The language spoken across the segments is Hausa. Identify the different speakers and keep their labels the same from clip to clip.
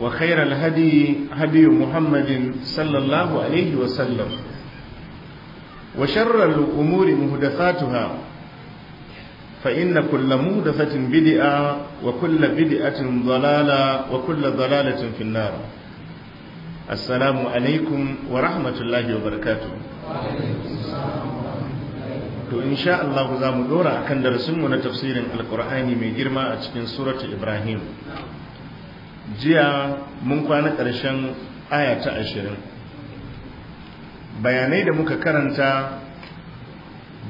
Speaker 1: وخير الهدي هدي محمد صلى الله عليه وسلم وشر الأمور مهدفاتها فإن كل مهدفة بدئة وكل بدئة ضلالة وكل ضلالة في النار السلام عليكم ورحمة الله وبركاته
Speaker 2: to insha Allah za mu dora akan darasinmu na
Speaker 1: tafsirin alkur'ani mai girma a cikin suratu ibrahim jiya mun kwana ƙarshen aya ta ashirin bayanai da muka karanta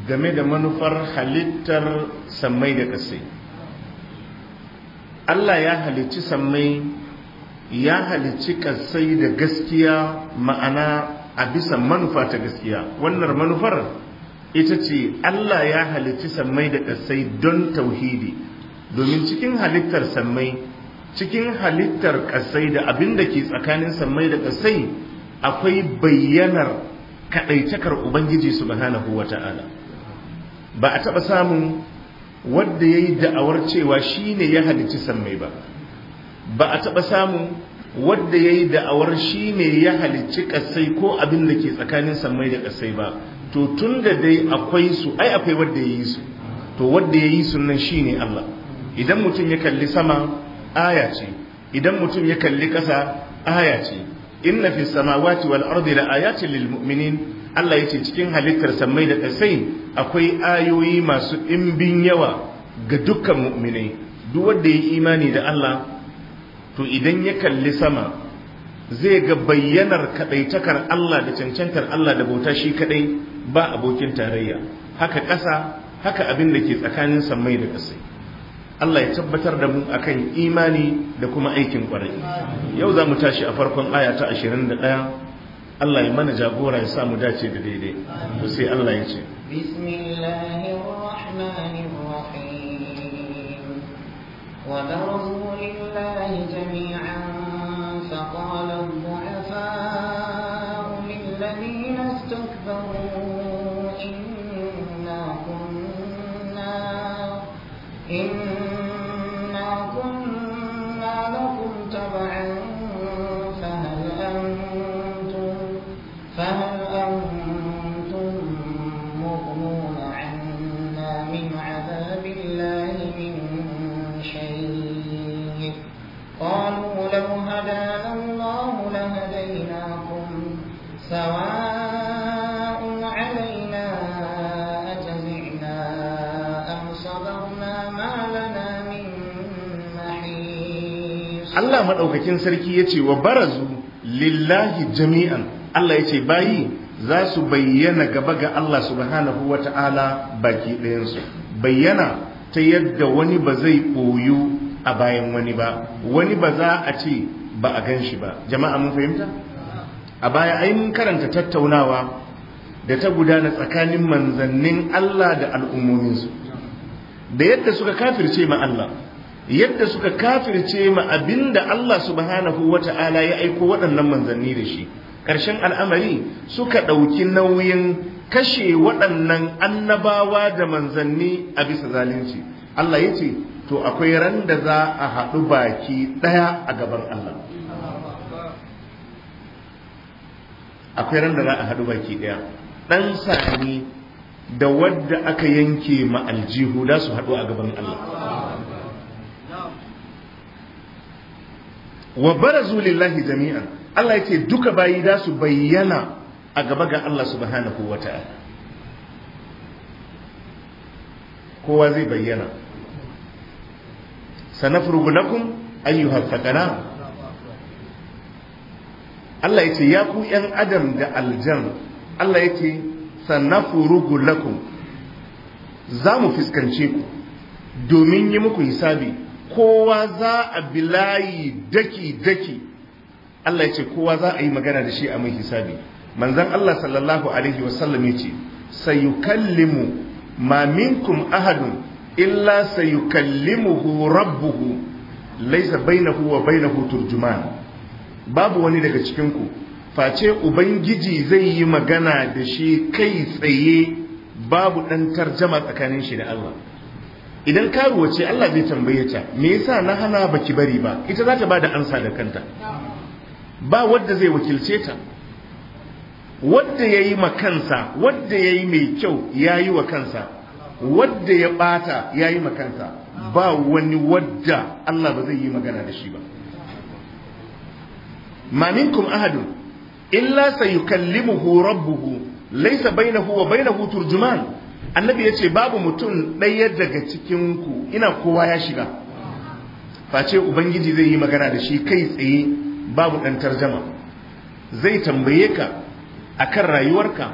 Speaker 1: game da manufar halittar sammai da ƙasai Allah ya halicci sammai ya halicci ƙasai da gaskiya ma'ana a bisa manufa ta gaskiya wannan manufar ita ce Allah ya halicci sammai da ƙasai don tauhidi domin cikin halittar sammai cikin halittar ƙasai da abin da ke tsakanin sammai da ƙasai akwai bayyanar kaɗaitakar ubangiji subhanahu wa ta'ala ba a taɓa samun wadda ya yi da'awar cewa shi ne ya halicci sammai ba ba a taɓa samun wadda ya yi da'awar shi ne ya halicci ƙasai ko abin da ke tsakanin sammai da ƙasai ba to tun da dai akwai su ai akwai wadda ya yi su to wadda ya yi su nan shi ne Allah idan mutum ya kalli sama aya ce idan mutum ya kalli ƙasa aya ce inna fi samawati wal ardi la ayatin lil mu'minin Allah yace cikin halittar sammai da ƙasai akwai ayoyi masu ɗimbin yawa ga dukkan mu'minai duk wanda ya imani da Allah to idan ya kalli sama zai ga bayyanar kadaitakar Allah da cancantar Allah da bauta shi kadai ba abokin tarayya haka ƙasa haka abin da ke tsakanin samai da ƙasai Allah ya tabbatar da mu akan imani da kuma aikin kwarai yau za mu tashi a farkon aya ta 21 Allah ya mana jagora ya sa mu dace da daidai to sai Allah ya ce
Speaker 3: وبرزوا
Speaker 1: Allah maɗaukakin sarki ya ce wa barazu lillahi jami'an Allah ya ce bayi za su bayyana gaba ga Allah subhanahu wa ta'ala baki ɗayansu bayyana ta yadda wani ba zai ɓoyu a bayan wani ba wani ba za a ce ba a gan shi ba jama'a mun fahimta a baya ai mun karanta tattaunawa da ta gudana tsakanin manzannin Allah da al'ummominsu da yadda suka kafirce ma Allah yadda suka kafirce ma abinda Allah subhanahu Ta'ala ya aiko waɗannan manzanni da shi ƙarshen al'amari suka ɗauki nauyin kashe waɗannan annabawa da manzanni a bisa zalunci Allah ya ce to akwai ran da za a haɗu baki ɗaya a gaban Allah akwai ran da za a haɗu baki ɗaya ɗan sani da wadda aka yanke ma aljihu da su haɗu a gaban Allah wa barazu lillahi jami'an Allah ya duka bayi da su bayyana a gaba ga Allah subhanahu wa ta'ala kowa zai bayyana sanafurgu lakum ayyuhal faqara Allah ya ce ya ku yan adam da aljan Allah ya ce sanafurgu lakum za mu fuskance ku domin yi muku hisabi kowa za a bilayi daki-daki Allah ya ce kowa za a yi magana da shi a mai hisabi manzan Allah sallallahu alaihi wasallam ya ce sayukallimu ma minkum ahadun illa rabbu rabbuhu laisa bainahu wa bainahu turjuman babu wani daga cikinku face ubangiji zai yi magana da shi kai tsaye babu ɗan tarjama tsakanin shi da Allah idan karuwa ce Allah zai tambaye ta me yasa na hana baki bari ba ita za ta ba da ansa da kanta ba wadda zai wakilce ta wadda yayi yi kansa wadda yayi mai kyau ya wa kansa wadda ya bata ya yi makansa ba wani wadda Allah ba zai yi magana da shi ba ma minkum ahadun illa sayukallimuhu rabbuhu laysa bainahu wa bainahu turjuman annabi ya ce babu mutum ɗaya daga cikinku ina kowa ya shiga face ubangiji zai yi magana da shi kai tsaye babu ɗan tarjama zai tambaye ka akan rayuwarka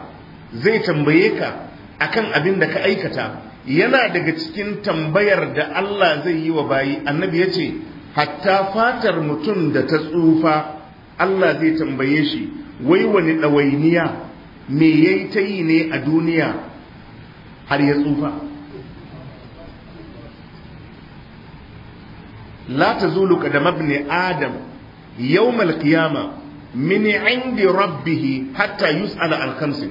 Speaker 1: zai tambaye ka akan abin da ka aikata yana daga cikin tambayar da Allah zai yi wa bayi annabi ya ce hatta fatar mutum da ta tsufa Allah zai tambaye shi wai wani ɗawainiya me yayi ta yi ne a duniya har ya tsufa la ta tazulu da ibn adam yau malkiyama mini indi rabbihi, hatta yus'ala al-khamsin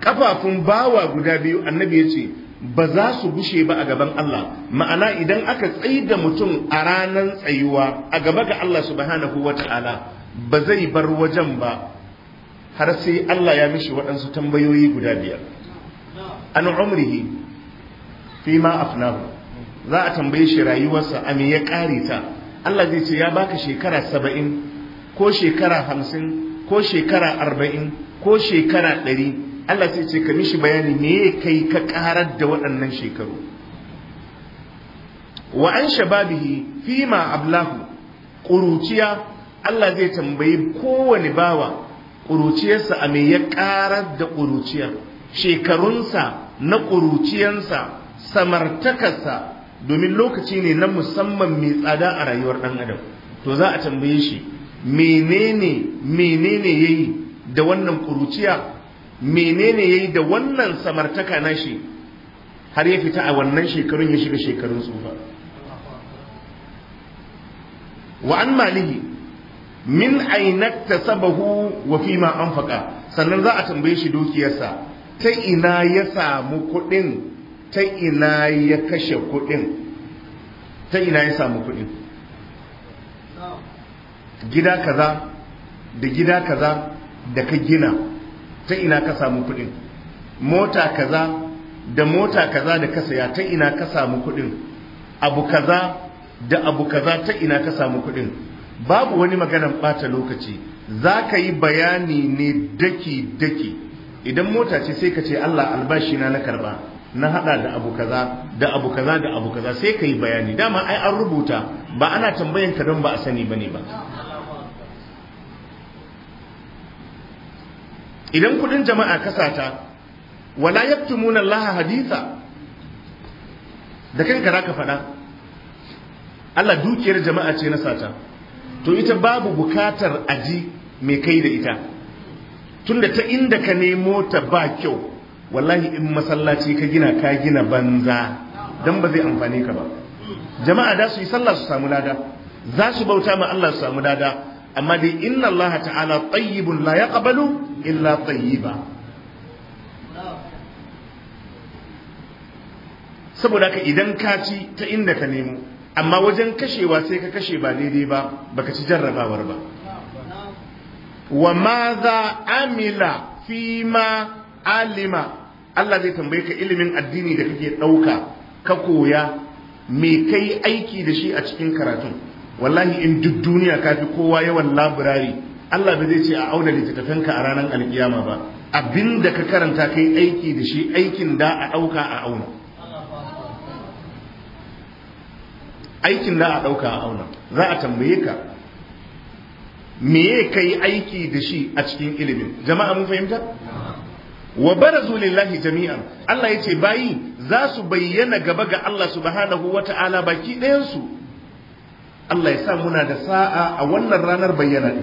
Speaker 1: kafafun bawa guda biyu annabi ya ce, ba za su gushe ba a gaban Allah ma'ana idan aka da mutum a ranar tsayuwa a gaba ga Allah subhanahu ta'ala ba zai bar wajen ba har sai Allah ya mishi waɗansu tambayoyi guda biyar an umrihi fi ma afnahu za a tambaye shi rayuwarsa a me ya ƙare ta Allah zai ce ya baka shekara saba'in ko shekara hamsin ko shekara arba'in ko shekara ɗari Allah sai ce ka mishi bayani me ya kai ka ƙarar da waɗannan shekaru wa an shababihi fi ma ablahu ƙuruciya Allah zai tambayi kowane bawa ƙuruciyarsa a me ya ƙarar da ƙuruciyar shekarunsa na ƙuruciyansa samartakarsa domin lokaci ne na musamman mai tsada a rayuwar ɗan adam to za a tambaye shi menene menene yayi da wannan ƙuruciya menene yayi da wannan samartaka na shi? har ya fita a wannan shekarun ya shiga shekarun tsufa wa an malihi min ainat tasabahu wa fi ma anfaqa sannan za a tambaye shi dukiyarsa ta ina ya samu kuɗin ta ina ya kashe kuɗin ta ina ya samu kuɗin gida kaza da gida kaza da ka gina ta ina ka samu kuɗin mota kaza da mota kaza da ka saya ta ina ka samu kuɗin abu kaza da abu kaza ta ina ka samu kuɗin babu wani maganan ɓata lokaci za ka yi bayani ne daki-daki idan mota ce sai ka ce Allah albashi na na karba na hada da abu kaza da abu kaza da abu kaza sai ka yi bayani dama ai an rubuta ba ana tambayan ka don ba a sani bane ba idan kudin jama'a kasata wala yaktumuna Allah haditha da kanka zaka faɗa Allah dukiyar jama'a ce na sata to ita babu bukatar aji mai kai da ita tunda ta inda ka nemo ta ba kyau wallahi in masallaci ka gina ka gina banza dan ba zai amfane ka ba jama'a da su yi sallah su samu lada za su bauta ma Allah su samu lada amma dai inna Allah ta'ala tayyibun la yaqbalu illa tayyiba saboda ka idan ka ci ta inda ka nemo amma wajen kashewa sai ka kashe ba daidai ba baka ci jarrabawar ba wa maza amila fima alima Allah zai tambaye ka ilimin addini da kake ɗauka ka koya me kai aiki da shi a cikin karatun wallahi in duk duniya ka fi kowa yawan labirari Allah ba zai ce a auna littattafanka a ranar alkiyama ba abinda ka karanta kai aiki da shi aikin da a ɗauka a auna aikin da a ɗauka a auna za a tambaye ka me ka yi aiki da shi a cikin ilimin jama'a mun fahimta wa barazu lillahi jami'an Allah ya ce bayi za su bayyana gaba ga Allah su subhanahu ta'ala baki ɗayansu. Allah ya sa muna da sa'a a wannan ranar bayyana ne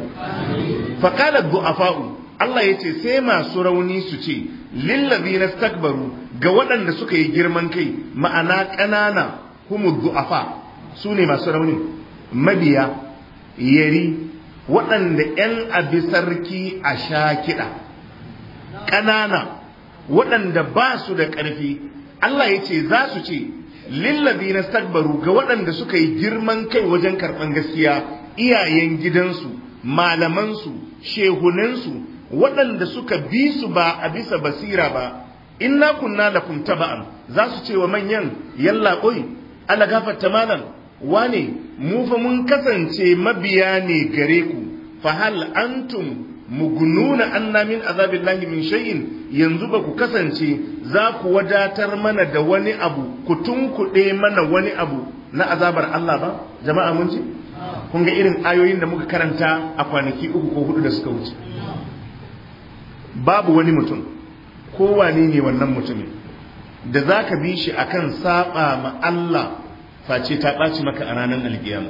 Speaker 1: fa du'afa'u Allah ce sai masu rauni su ce lillazina istakbaru ga waɗanda suka yi girman kai ma'ana ƙanana humu du'afa su ne masu rauni mabiya yari waɗanda 'yan abi sarki a sha kiɗa ƙanana waɗanda ba su da ƙarfi Allah ya ce za su ce lillabi na stagbaru ga waɗanda suka yi girman kai wajen karɓan gaskiya iyayen gidansu malamansu shehunansu waɗanda suka bi su ba a bisa basira ba In na kunna lakum taba'an za su ce wa manyan yalla ƙoi, ala gafarta malam wane mu fa mun kasance mabiya ne gare ku fa hal antum mugununa anna min azabillahi min shay'in yanzu ba ku kasance za ku wadatar mana da wani abu ku tunkuɗe mana wani abu na azabar Allah ba jama'a mun ji kun ga irin ayoyin da muka karanta a kwanaki uku ko hudu da suka wuce babu wani mutum ko wane ne wannan mutumin da zaka bi shi akan saba ma Allah face ta ɓaci maka a ranar alkiyama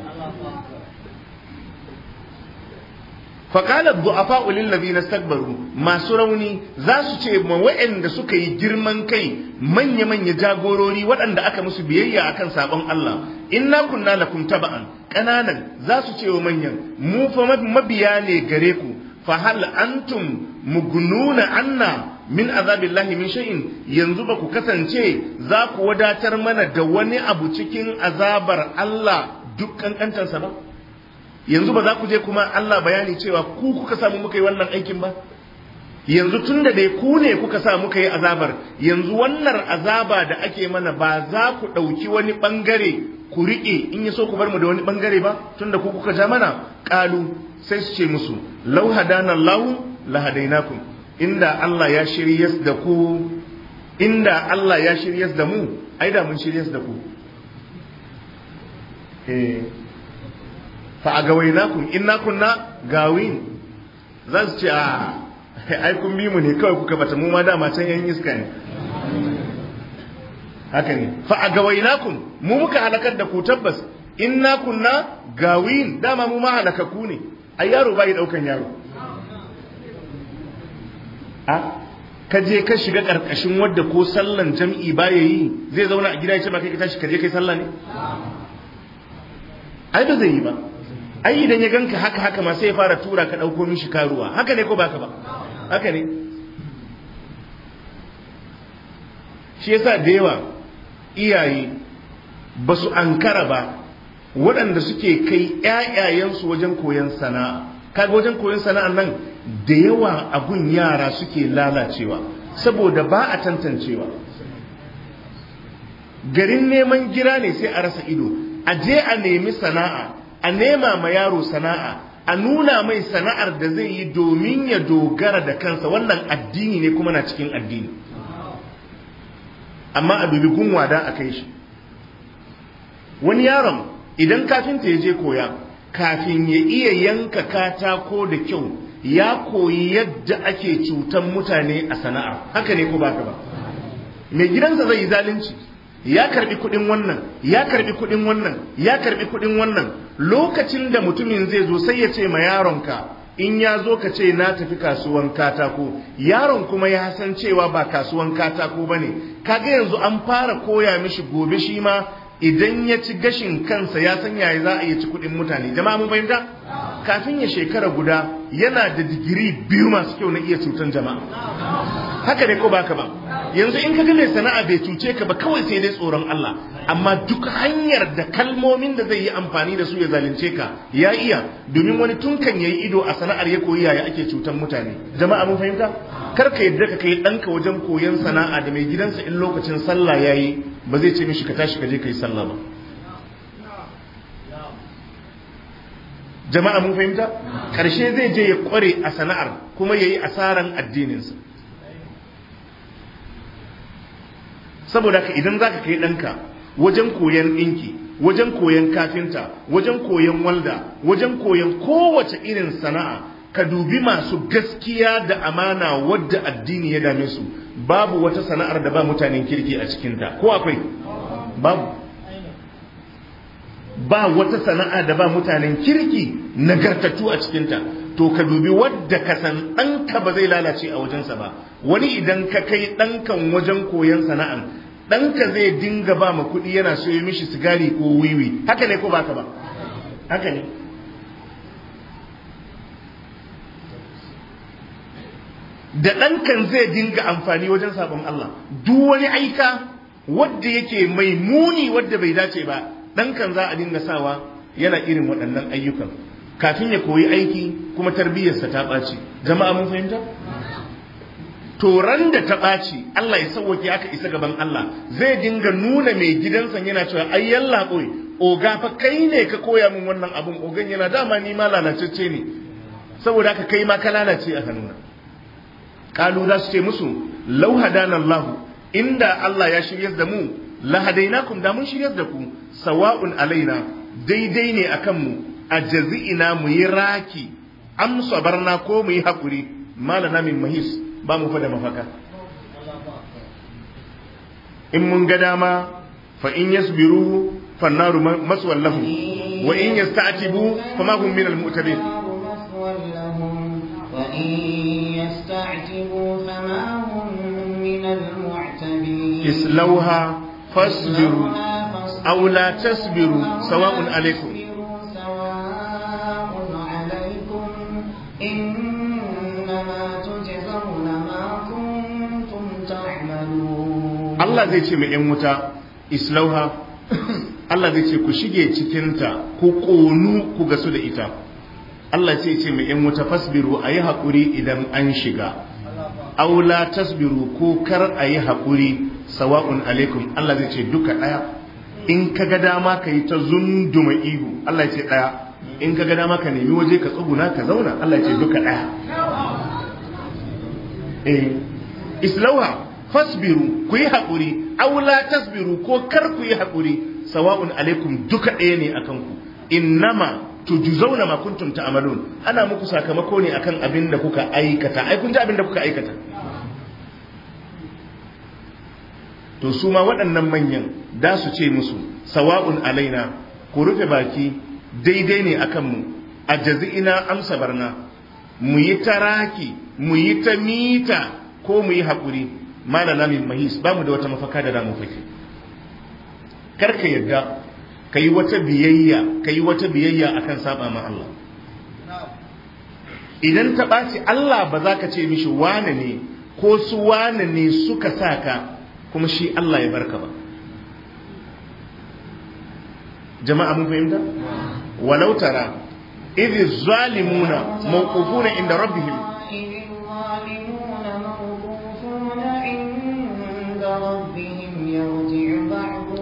Speaker 1: faƙalar du'afa ulil labi na stagbaru masu rauni za su ce ma waɗanda suka yi girman kai manya-manya jagorori waɗanda aka musu biyayya a kan sabon Allah In na kunna lakum taba'an ƙananan za su ce wa manyan mu fa mabiya ne gare ku fa hal antum mugununa anna min azabillahi min shay'in yanzu ba ku kasance za ku wadatar mana da wani abu cikin azabar Allah duk kankantarsa ba yanzu ba za ku je kuma Allah bayani cewa ku kuka samu muka yi wannan aikin ba yanzu tun da dai ku ne kuka sa muka yi azabar yanzu wannan azaba da ake mana ba za ku ɗauki wani ɓangare ku riƙe in yi so ku bar mu da wani ɓangare ba tun da ku kuka ja mana ƙalu sai su ce musu lau hadana lau lahadainakum inda Allah ya shiryas da ku inda Allah ya shiryas da mu ai da mun shiryas da ku eh fa agawainakum inna kunna gawin za su ce a kai ai kun bi mu ne kawai kuka bata mu ma dama can yan iska ne haka ne fa agawainakum mu muka halakar da ku tabbas inna kunna gawin dama mu ma halakaku ne ai yaro bai daukan yaro a ka je ka shiga karkashin wadda ko sallan jam'i ba yayi zai zauna a gida ya ce ba kai ka tashi ka je kai sallah ne ai ba zai yi ba ai idan ya ganka haka haka ma sai ya fara tura ka dauko mishi karuwa haka ne ko baka ba haka ne shi yasa da yawa iyaye ba su ankara ba waɗanda suke kai ‘ya'yayensu wajen koyon sana'a kaga wajen koyon sana'an nan da yawa abun yara suke lalacewa saboda ba a tantancewa garin neman gira ne sai a rasa ido a je a nemi sana'a a nema ma yaro sana'a a nuna mai sana'ar da zai yi domin ya dogara da kansa wannan addini ne kuma na cikin addini amma a dubi gunwa da a kai shi wani yaron idan kafinta ya je koya kafin ya iya yanka katako da kyau ya koyi yadda ake cutan mutane a sana'ar haka ne ko ba ka ba mai gidansa zai yi zalunci ya karbi kudin wannan ya karbi kudin wannan ya karbi kudin wannan lokacin da mutumin zai zo sai ya ce ma yaronka in ya zo ka ce na tafi kasuwan katako yaron kuma ya san cewa ba kasuwan katako ba ne kaga yanzu an fara koya mishi gobe shi ma idan ya ci gashin kansa ya san yaya za a yi ci kuɗin mutane jama'a mu fahimta kafin ya shekara guda yana da digiri biyu masu kyau na iya cutan
Speaker 2: jama'a
Speaker 1: haka ne ko baka ba yanzu in ka ga sana'a bai cuce ka ba kawai sai dai tsoron Allah amma duk hanyar da kalmomin da zai yi amfani da su ya zalunce ka ya iya domin wani tunkan kan yayi ido a sana'ar ya koyi yaya ake cutan mutane jama'a mun fahimta kar ka yadda ka kai ɗanka wajen koyon sana'a da mai gidansa in lokacin sallah yayi ba zai ce mishi ka tashi ka je ka sallah ba jama'a mun fahimta Karshe zai je ya kware a sana'ar kuma yayi yi asaran addininsa saboda ka idan za ka kai ɗanka wajen koyon ɗinki wajen koyon kafinta wajen koyon walda wajen koyan kowace irin sana'a ka dubi masu gaskiya da amana wadda addini ya dame su babu wata sana'ar da ba mutanen kirki a cikinta ko akwai babu ba wata sana'a da ba mutanen kirki nagartattu a cikinta to ka dubi wadda ka san ɗanka ba zai lalace a wajensa ba wani idan ka kai ɗankan wajen koyon sana'an ɗanka zai dinga ba ma kuɗi yana so yi mishi sigari ko wiwi haka ne ko baka ba haka ne da ɗankan zai dinga amfani wajen sabon Allah duk wani aika wadda yake mai muni wadda bai dace ba ɗankan za a dinga sawa yana irin waɗannan ayyukan kafin ya koyi aiki kuma tarbiyyarsa ta ɓaci jama'a mun fahimta toran da ta ɓaci Allah ya sauwake aka isa gaban Allah zai dinga nuna mai gidansa yana cewa ai yalla koi oga fa kai ne ka koya min wannan abun ogan yana dama ni ma lalacecce ne saboda ka kai ma ka lalace a hannuna kalu za su ce musu law Allah inda Allah ya shiryar da mu la na da mun shiryar da ku sawa'un alaina daidai ne akan mu a jazi'ina mu yi raki am sabarna ko mu yi hakuri malana min mahis ba mu fada mafaka in mun ga dama fa in yasbiru fa naru maswallahu wa in yasta'tibu ma hum
Speaker 3: min mu'tabin islauha
Speaker 1: fasbiru aw la tasbiru sawa'un alaykum Allah zai ce mai ‘yan wuta islauha Allah zai ce ku shige cikinta ku ƙonu ku gasu da ita Allah ce ce mai ‘yan wuta fasbiru a yi haƙuri idan an shiga aula tasbiru ko kar a yi haƙuri sawa'un alaikum Allah zai ce duka ɗaya in ka ga dama ka yi ta zunduma ihu Allah ya ce ɗaya in ka ga dama ka nemi waje ka tsuguna ka zauna Allah ya ce duka ɗaya eh islauha fasbiru ku yi haƙuri aula tasbiru ko kar ku yi haƙuri sawa'un alaikum duka ɗaya ne akan ku innama zauna ma ta amalun ana muku sakamako ne akan abin da kuka aikata ai kun ji abin da kuka aikata to su ma waɗannan manyan da su ce musu sawa'un alaina ku rufe baki daidai ne akan mu a jazi'ina amsa barna mu yi taraki mu yi ta mita ko mu yi haƙuri malana min mahis ba mu da wata mafaka da ramu fake kar ka yadda ka yi wata biyayya ka yi wata biyayya akan saba ma Allah idan ta ɓaci Allah ba za ka ce mishi wane ne ko su wane ne suka sa ka kuma shi Allah ya barka ba jama'a mun fahimta walau tara idh zalimuna mawqufuna inda rabbihim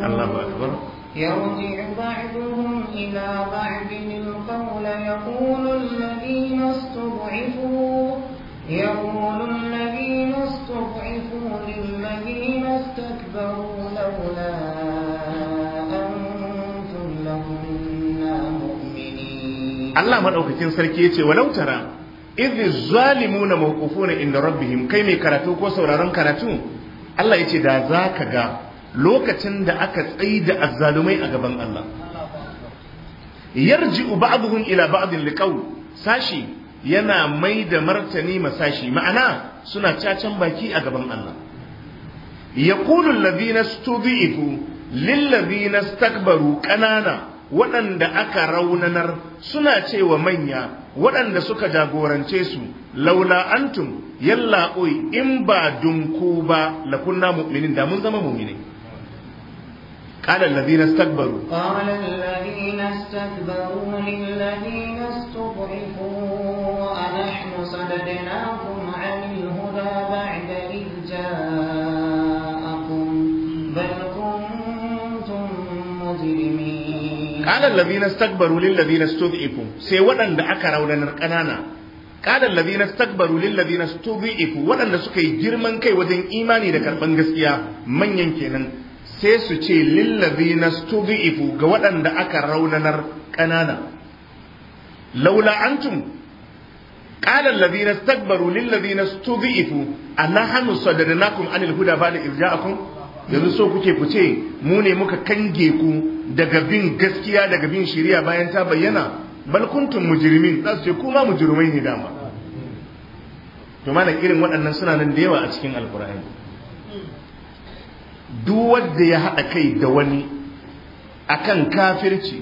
Speaker 3: Yau je fargungu shiga fargumin ƙaula ya ƙoron na biyo saka waifu ya ƙoron na biyo saka
Speaker 1: Allah ma ɗaukakin sarki ce wa lautara idan zalimu na maƙufu na idan rabbi himkai mai karatu ko sauraron karatu? Allah yace da za ka ga. lokacin da aka tsaida azzalumai a gaban Allah yarji'u ba'dhum ila ba'din liqawl sashi yana mai da martani masashi ma'ana suna cacan baki a gaban Allah yaqulu alladhina studhifu lil ladhina Stakbaru ƙanana waɗanda aka raunanar suna cewa manya waɗanda suka jagorance su laula antum yalla in ba dunku ba lakunna mu'minin da mun zama mu'minai قال الذين استكبروا قال
Speaker 3: الذين استكبروا للذين استضعفوا ونحن صددناكم عن الهدى بعد إذ جاءكم بل كنتم
Speaker 1: مجرمين قال الذين استكبروا للذين استضعفوا سيودا لأكرا ولنر قنانا kada ladina stakbaru lil ladina stubifu wadanda suka yi girman kai wajen imani da karban gaskiya manyan kenan sai su ce lillazi na studi'ifu ga waɗanda aka raunanar ƙanana laula antum qala allazina istakbaru lillazina studhifu anahnu sadadnakum anil huda ba'da irja'akum yanzu so kuke ku ce mu ne muka kange ku daga bin gaskiya daga bin shari'a bayan ta bayyana bal kuntum mujrimin za su ce kuma mujrimai ne dama to malam irin waɗannan suna nan da yawa a cikin alqur'ani duk wanda ya haɗa kai da wani akan kafirci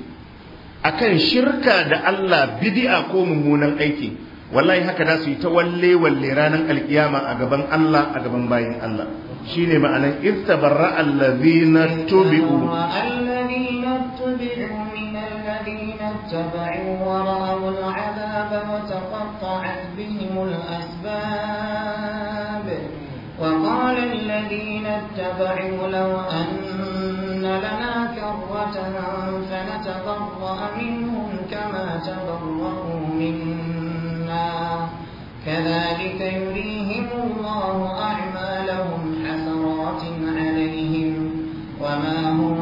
Speaker 1: akan shirka da Allah bid'a ko mummunan aiki wallahi haka za su yi ta walle walle ranar alkiyama a gaban Allah a gaban bayan Allah shine ma'anar irtabarra allazina tubi'u allazina
Speaker 3: tubi'u min allazina wa اتبعوا لو أن لنا كرة فنتبرأ منهم كما تبرأوا منا كذلك يريهم الله أعمالهم حسرات عليهم وما هم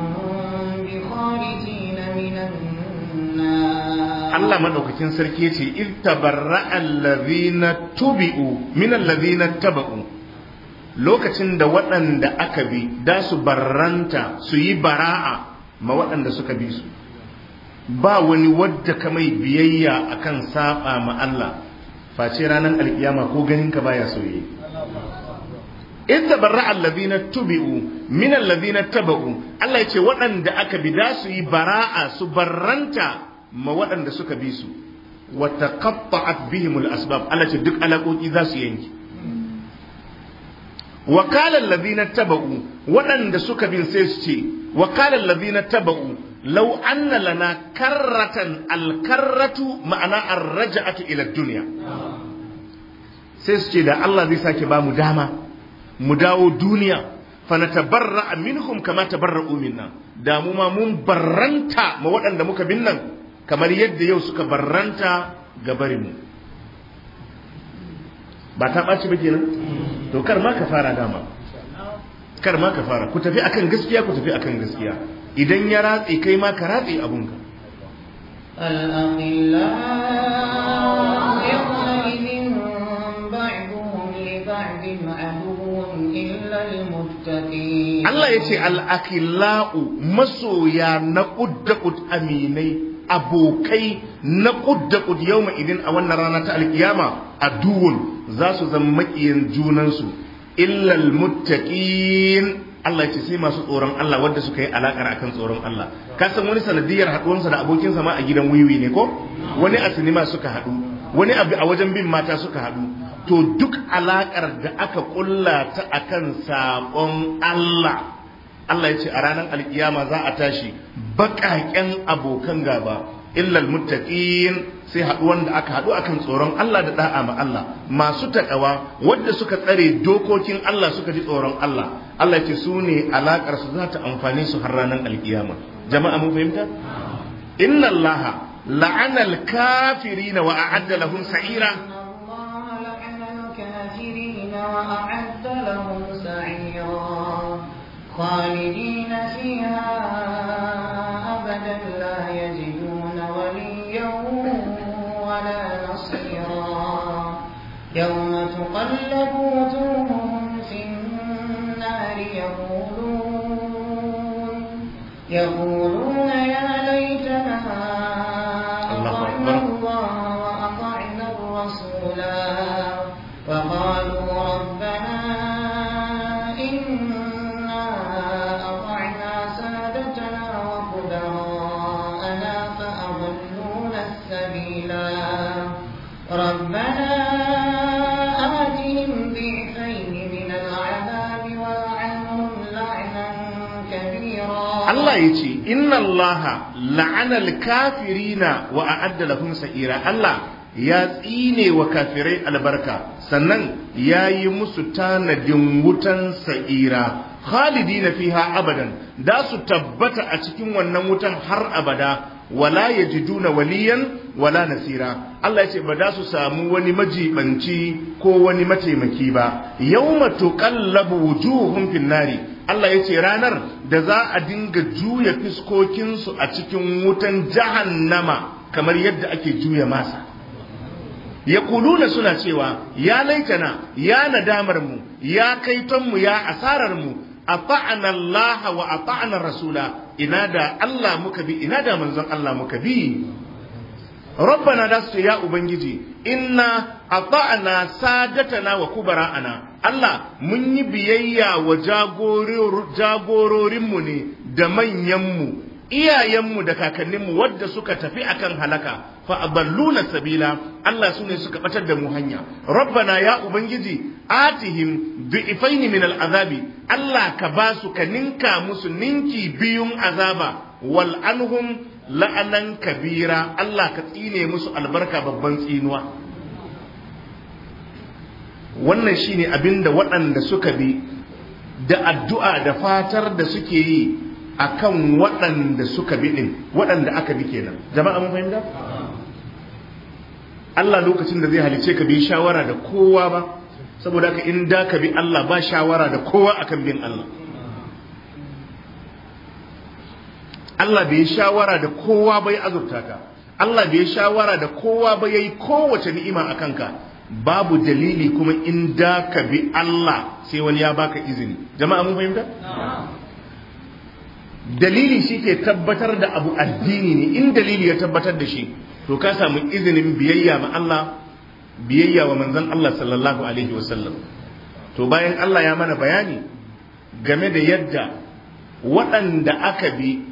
Speaker 3: بخارجين من النار
Speaker 1: الله مدوكتين سركيتي إذ تبرأ الذين تبعوا من الذين اتبعوا lokacin da waɗanda aka bi da su barranta su yi bara'a ma waɗanda suka bi su ba wani wadda ka mai biyayya akan saba ma Allah face ranar alkiyama ko ganin ba ya soye idda barra allazina tubi'u min allazina taba'u Allah yace waɗanda aka bi da su yi bara'a su barranta ma waɗanda suka bi su wa taqatta'at bihimul asbab Allah ce duk alaƙoƙi za su yanki wakalar lazina taba'u waɗanda suka bin sai su ce wakalar lazina taba'u lau anna lana karratan alkarratu ma'ana arraja'atu ila duniya sai su ce da Allah zai sake ba mu dama mu dawo duniya fanatabarra minhum kama ta minna da mu ma mun barranta ma waɗanda muka bin nan kamar yadda yau suka barranta ga barinmu ba ta ɓaci ba kenan to kar ma ka fara dama kar ma ka fara ku tafi akan gaskiya ku tafi akan gaskiya idan ya ratse kai ma ka ratse ka Allah ya ce al'akila'u masoya na ƙudda aminai abokai na kudda kud yawma idin a wannan rana ta alkiyama a za su zama makiyin junansu illal muttaqin Allah ya ce sai masu tsoron Allah wadda suka yi alakar akan tsoron Allah ka san wani sanadiyar haɗuwansa da abokinsa ma a gidan wiwi ne ko wani a sinima suka haɗu. wani abu a wajen bin mata suka haɗu. to duk alakar da aka kulla ta akan sabon Allah Allah ya ce a ranar alkiyama za a tashi baƙaƙen abokan gaba illal muttaqin sai haɗu wanda aka haɗu akan tsoron Allah da da'a ma Allah masu taƙawa, wanda suka tsare dokokin Allah suka ji tsoron Allah Allah ya ce su ne alakar su za ta amfani su har ranar alkiyama jama'a mun fahimta inna Allah la'ana al-kafirin wa a'adda lahum sa'ira
Speaker 3: Allah la'ana al-kafirin wa a'adda lahum sa'ira خالدين فيها أبدا لا يجدون وليا ولا نصيرا يوم تقلب وجوههم في النار يقولون يقولون يا ليتنا inna
Speaker 1: allaha la'anal kafirina wa a'adda lahum sa'ira Allah ya tsine wa kafirai albarka sannan ya yi musu tanadin wutan sa'ira khalidina fiha abadan da su tabbata a cikin wannan wutan har abada wala yajiduna waliyan wala nasira Allah ya ce ba da su samu wani majibanci ko wani mataimaki ba yawma tuqallabu wujuhum fin nari Allah ya ce ranar da za a dinga juya fiskokinsu a cikin wutan jahannama kamar yadda ake juya masa ya kuluna suna cewa ya laitana ya nadamarmu, ya kaitonmu ya asararmu a fa'anar Lahawa a fa'anar Rasula ina da Allah muka bi ina da manzon Allah muka bi rabbana da su ya ubangiji inna ata'na sadatana wa kubara ana. Allah mun yi biyayya wa jagororinmu ne da manyanmu iyayenmu da kakanninmu wadda suka tafi akan halaka fa aballuna sabila Allah su ne suka batar da mu hanya rabbana ya ubangiji atihim du'ifaini min al'azabi Allah ka basu ka ninka musu ninki biyun azaba wal anhum la'anan kabira Allah ka tsine musu albarka babban tsinuwa wannan shine abin da waɗanda suka bi da addu'a da fatar da suke yi akan waɗanda suka bi ɗin waɗanda aka bi kenan jama'a mun fahimta Allah lokacin da zai halice ka bi shawara da kowa ba saboda ka in da ka bi Allah ba shawara da kowa akan bin Allah Allah bai shawara da kowa bai azurta ka Allah bai shawara da kowa bai yi kowace ni'ima a kanka babu dalili kuma in da ka bi Allah sai wani ya baka izini jama'a mun fahimta dalili shi ke tabbatar da abu addini ne in dalili ya tabbatar da shi to ka samu izinin biyayya ma Allah biyayya wa manzon Allah sallallahu alaihi wasallam to bayan Allah ya mana bayani game da yadda waɗanda aka bi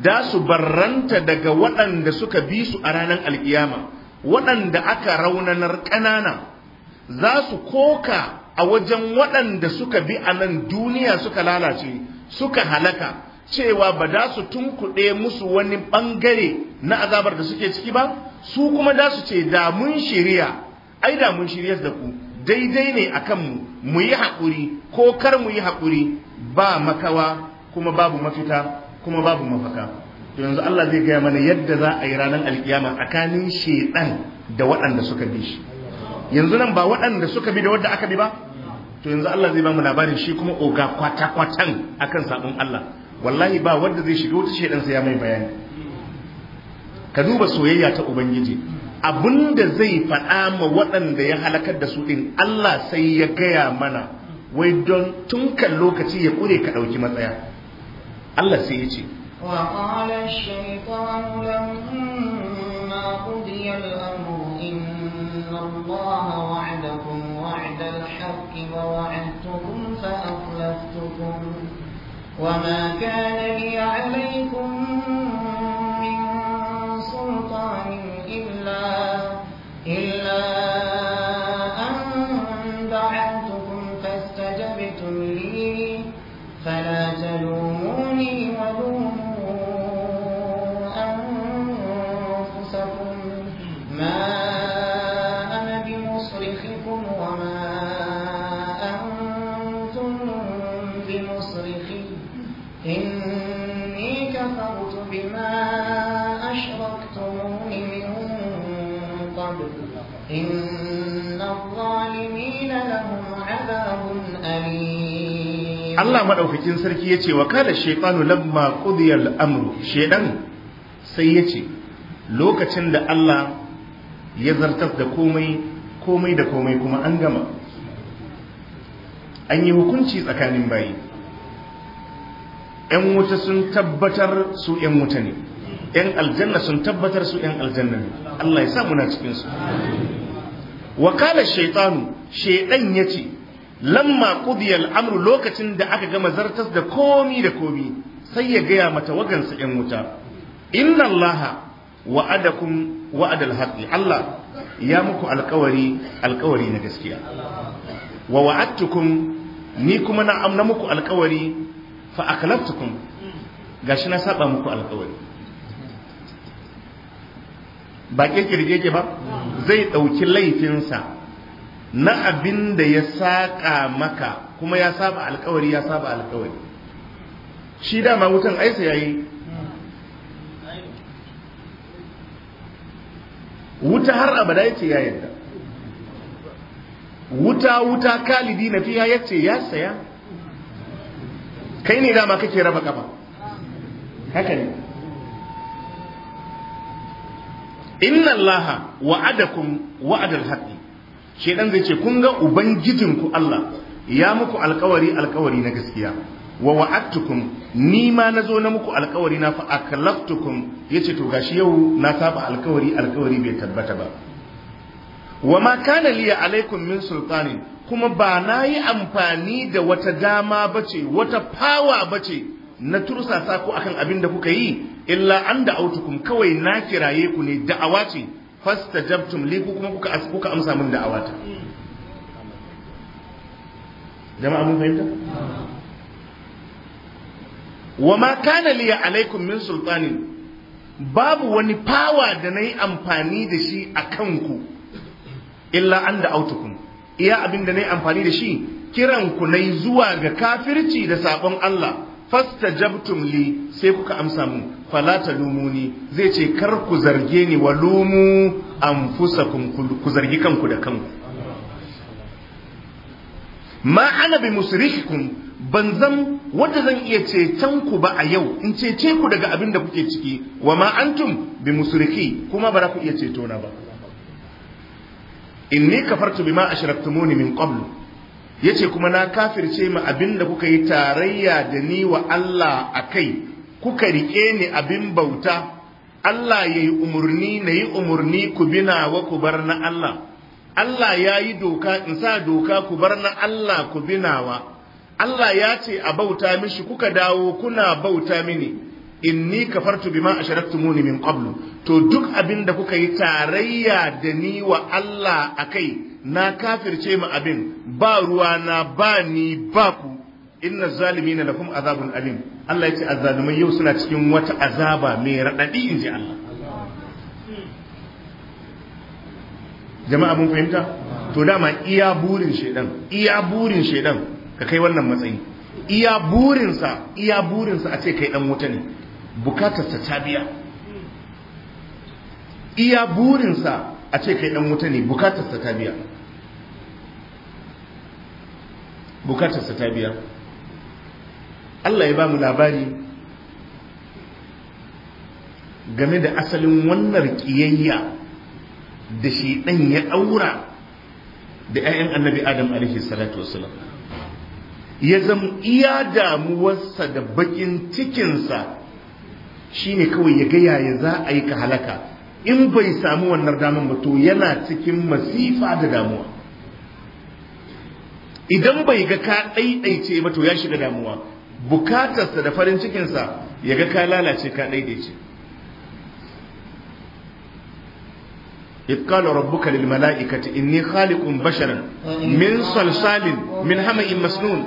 Speaker 1: da su barranta daga waɗanda suka bi su a ranar alkiyama waɗanda aka raunanar ƙanana za su koka a wajen waɗanda suka bi a nan duniya suka lalace suka halaka cewa ba da su tunkuɗe musu wani ɓangare na azabar da suke ciki ba su kuma da su ce da mun shirya ai da mun shirya da ku daidai ne a kanmu mu yi haƙuri ko kar mu yi haƙuri ba makawa kuma babu mafita kuma babu mafaka to yanzu Allah zai gaya mana yadda za a yi ranar alkiyama tsakanin shedan da waɗanda suka bi shi yanzu nan ba waɗanda suka bi da wadda aka bi ba to yanzu Allah zai ba mu labarin shi kuma oga kwata kwatan akan sabon Allah wallahi ba wadda zai shiga wata shedan sai ya mai bayani ka duba soyayya ta ubangiji abinda zai faɗa ma waɗanda ya halakar da su ɗin Allah sai ya gaya mana wai don tun kan lokaci ya ƙure ka ɗauki matsaya Allah sai ya ce
Speaker 3: وقال الشيطان لما قضي الأمر إن الله وعدكم وعد الحق ووعدتكم فأخلفتكم وما كان لي عليكم
Speaker 1: madaukakin sarki ce wa kada shaytanu lamma kudiyar al-amru shedan sai ce, lokacin da Allah ya zartar da komai komai da komai kuma an gama an yi hukunci tsakanin bayi ‘yan wuta sun tabbatar su ‘yan wuta ne ‘yan aljanna sun tabbatar su ‘yan aljanna ne Allah ya sa muna cikinsu wa kala shaitanu shaidan ya ce lamma qudiya Amru lokacin da aka gama zartas da komi da komi sai ya gaya mata wagansa yan wuta inna allaha wa'adakum wa'adal haqqi Allah ya muku alkawari alkawari na gaskiya wa wa'adtukum ni kuma na amna muku alkawari fa akalaftukum gashi na saba muku alkawari ba kirkirge ba zai ɗauki laifinsa na abin da ya saƙa maka kuma ya saba alkawari ya saba alkawari shi dama wutan aisa ya yi wuta har abada ya ce ya yadda wuta wuta kalidi na fiya ya ce ya saya kai ne dama kake raba kafa haka ne inna allaha wa'adakum wa'adal haqq shedan zai ce kun ga ubangijinku Allah ya muku alkawari alkawari na gaskiya wa wa'adtukum ni ma nazo na muku alkawari na fa aklaftukum yace to gashi yau na saba alkawari alkawari bai tabbata ba wa ma kana li alaikum min sultani kuma ba na yi amfani da wata dama bace wata power bace na tursasa ku akan abin da kuka yi illa an da autukum kawai na kiraye ku ne da'awa ce Fasta jabtum li kuma kuka kuka amsa min da'awata jama'a mun fahimta wa ma kana li alaikum min sultanin babu wani fawa da nayi amfani da shi a kanku illa an da autukum iya abin da nayi amfani da shi kiran ku nayi zuwa ga kafirci da sabon Allah fastajabtum li sai kuka amsa mu falata lumuni zai ce kar ku zarge ni wa lumu anfusakum ku zargi kanku da kanku ma ana bi ban zan wanda zan iya cecen ku ba a yau in cece ku daga abin da kuke ciki wa ma antum bi musriki kuma ba za ku iya ceto na ba inni kafartu bima ashraktumuni min qablu yace kuma na kafirce mu abinda kuka yi tarayya da ni wa Allah akai kuka rike ni abin bauta Allah yayi umurni nayi umurni ku bina wa ku bar na Allah Allah yayi doka in sa doka ku bar na Allah ku binawa Allah ya ce a bauta mishi kuka dawo kuna bauta mini inni kafartu bima asharaktumuni min qablu to duk abinda kuka yi tarayya da ni wa Allah akai na kafirce mu abin ba ruwa na ba ni ba ku inna zalimina lakum azabun alim Allah ya ce azzalumai yau suna cikin wata azaba mai radadi inji Allah jama'a mun fahimta to dama iya burin shedan iya burin shedan ka kai wannan matsayi iya burinsa iya burinsa a ce kai dan wuta ne bukatarsa ta biya iya burinsa a ce kai dan wuta ne bukatarsa ta biya bukatarsa ta biya Allah ya bamu labari game da asalin wannan kiyayya da shi dan ya aura da 'ya'yan annabi adam alaihi salatu wasalam ya zama iya damuwarsa da bakin cikinsa shine kawai ya ga yaya za a yi ka halaka in bai samu wannan damar ba to yana cikin masifa da damuwa idan bai ga ka ɗaiɗaice ba to ya shiga damuwa bukatarsa da farin cikinsa ya ga ka lalace ka ɗaiɗaice إذ قال ربك للملائكة inni خالق بشرا min salsalin min hama'in masnun.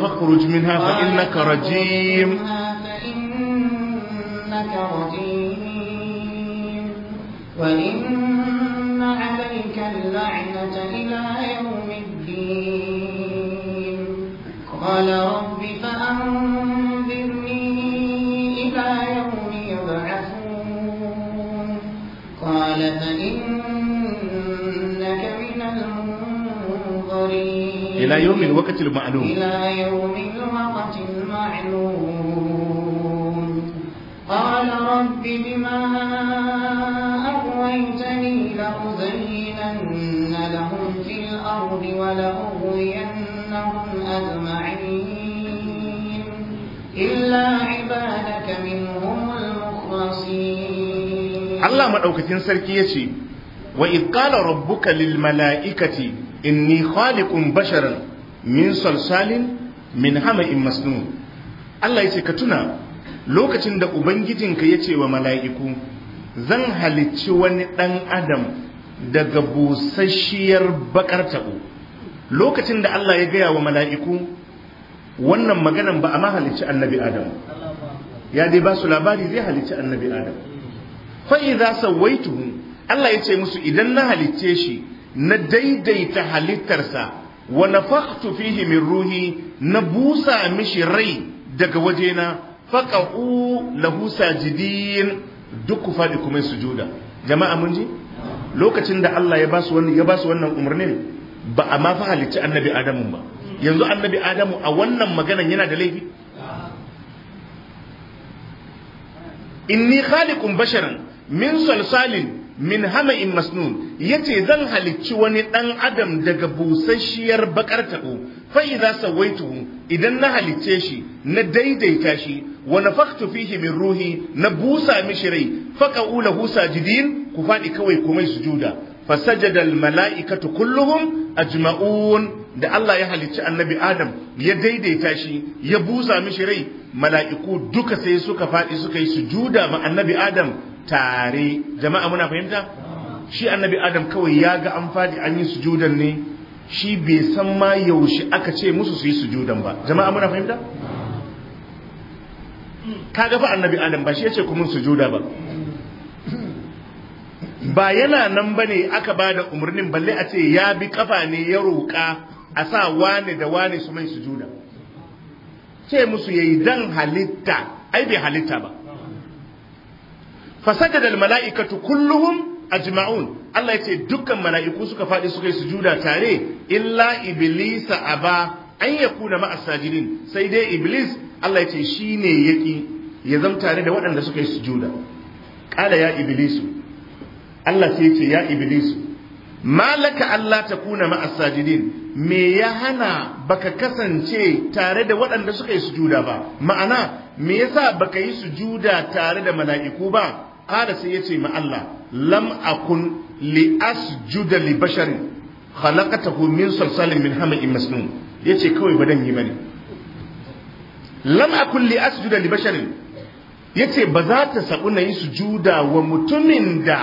Speaker 3: فاخرج منها فإنك رجيم فإنك رجيم وإن عليك اللعنة إلى يوم الدين قال ila yawmil waqtil ma'lum ila yawmil waqtil ma'lum qala rabbi أغويتني لأزينن لهم في الأرض ولأغوينهم أجمعين إلا عبادك منهم المخلصين Allah
Speaker 1: maɗaukacin sarki ya ce, wa idh qala rabbuka lil mala'ikati inni khaliqun basharan min salsalin min hama'in masnun Allah yace ka tuna lokacin da ubangijinka yace wa mala'iku zan halicci wani ɗan adam daga busasshiyar bakar tabo lokacin da Allah ya gaya wa mala'iku wannan maganan ba a ma halicci annabi adam ya dai ba su labari zai halicci annabi adam fa idza Allah ya ce musu idan na halitte shi na daidaita halittarsa wa faktu fihi min ruhi na busa mishi rai daga wajena faqa'u lahu sajidin duk ku fadi kuma sujuda jama'a mun ji lokacin da Allah ya basu wannan ya basu wannan umarnin ba a ma fa halicci annabi Adamu ba yanzu annabi Adamu a wannan maganan yana da laifi inni khaliqun basharan min salsalin min hama'in masnun ce zan halicci wani ɗan adam daga busasshiyar baƙar bakar tabo za idza tuhu? idan na halicce shi na daidaita shi wa nafakhtu fihi min ruhi na busa mishi rai fa husa sajidin ku faɗi kawai ku mai sujuda fasajada al mala'ikatu kulluhum ajma'un da Allah ya halicci annabi Adam ya daidaita shi ya busa mishi rai mala'iku duka sai suka faɗi suka yi sujuda ma annabi Adam tare jama'a muna fahimta shi annabi adam kawai ya ga an fadi an yi sujudan ne shi bai san ma yaushe aka ce musu su yi sujudan ba jama'a muna fahimta ka gafa annabi adam ba shi ya ce kuma sujuda ba ba yana nan ba ne aka ba da umarnin balle a ce ya bi kafa ne ya roƙa a sa wane da wane su mai sujuda ce musu yayi dan halitta ai bai halitta ba fasajada almalaikatu kulluhum ajma'un Allah yace dukkan mala'iku suka fadi suka yi sujuda tare illa iblisa aba an yakuna ma asajidin sai dai iblis Allah yace shine yaki ya zama tare da waɗanda suka yi sujuda qala ya iblisu Allah sai yace ya iblisu malaka Allah ta ma asajidin me ya hana baka kasance tare da waɗanda suka yi sujuda ba ma'ana me yasa baka yi sujuda tare da mala'iku ba qala sai yace ma Allah lam akun li asjuda li basharin khalaqatahu min salsalin min hama'in masnun yace kawai badan yi bane lam akun li asjuda li basharin yace ba za ta sabu na yi sujuda wa mutumin da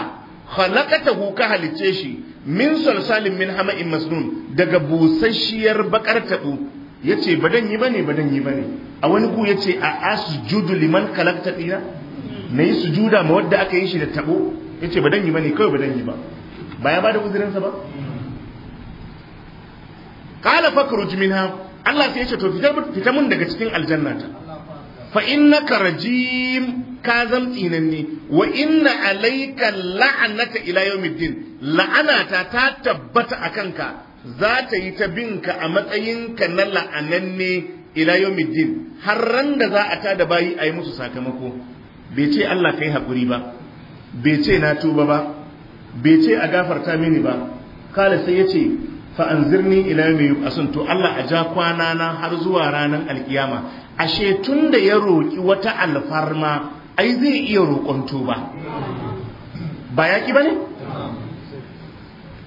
Speaker 1: khalaqatahu ka halice shi min salsalin min hama'in masnun daga busasshiyar bakar tabu yace badan yi bane badan yi bane a wani ku yace a asjudu liman khalaqta dina na yi sujuda ma wadda aka yi shi da tabo ya ce ba dan yi ba ne kawai ba dan yi ba ba ya ba da uzurinsa ba kala fakruj Allah sai ya ce to fita mun daga cikin aljanna ta fa innaka rajim ka zam tsinanni wa inna alayka la'anata ila yawmiddin la'anata ta tabbata a kanka, za ta yi ta bin ka a matsayin ka na la'ananne ila yawmiddin har ran da za a ta da bayi a yi musu sakamako bai ce Allah kai haƙuri ba bai ce na tuba ba bai ce a gafarta mini ba kala sai ya ce fa'anzirni ila mai asun to Allah a ja kwana na har zuwa ranar alkiyama ashe tun da ya roƙi wata alfarma ai zai iya roƙon tuba ba yaƙi ba ne?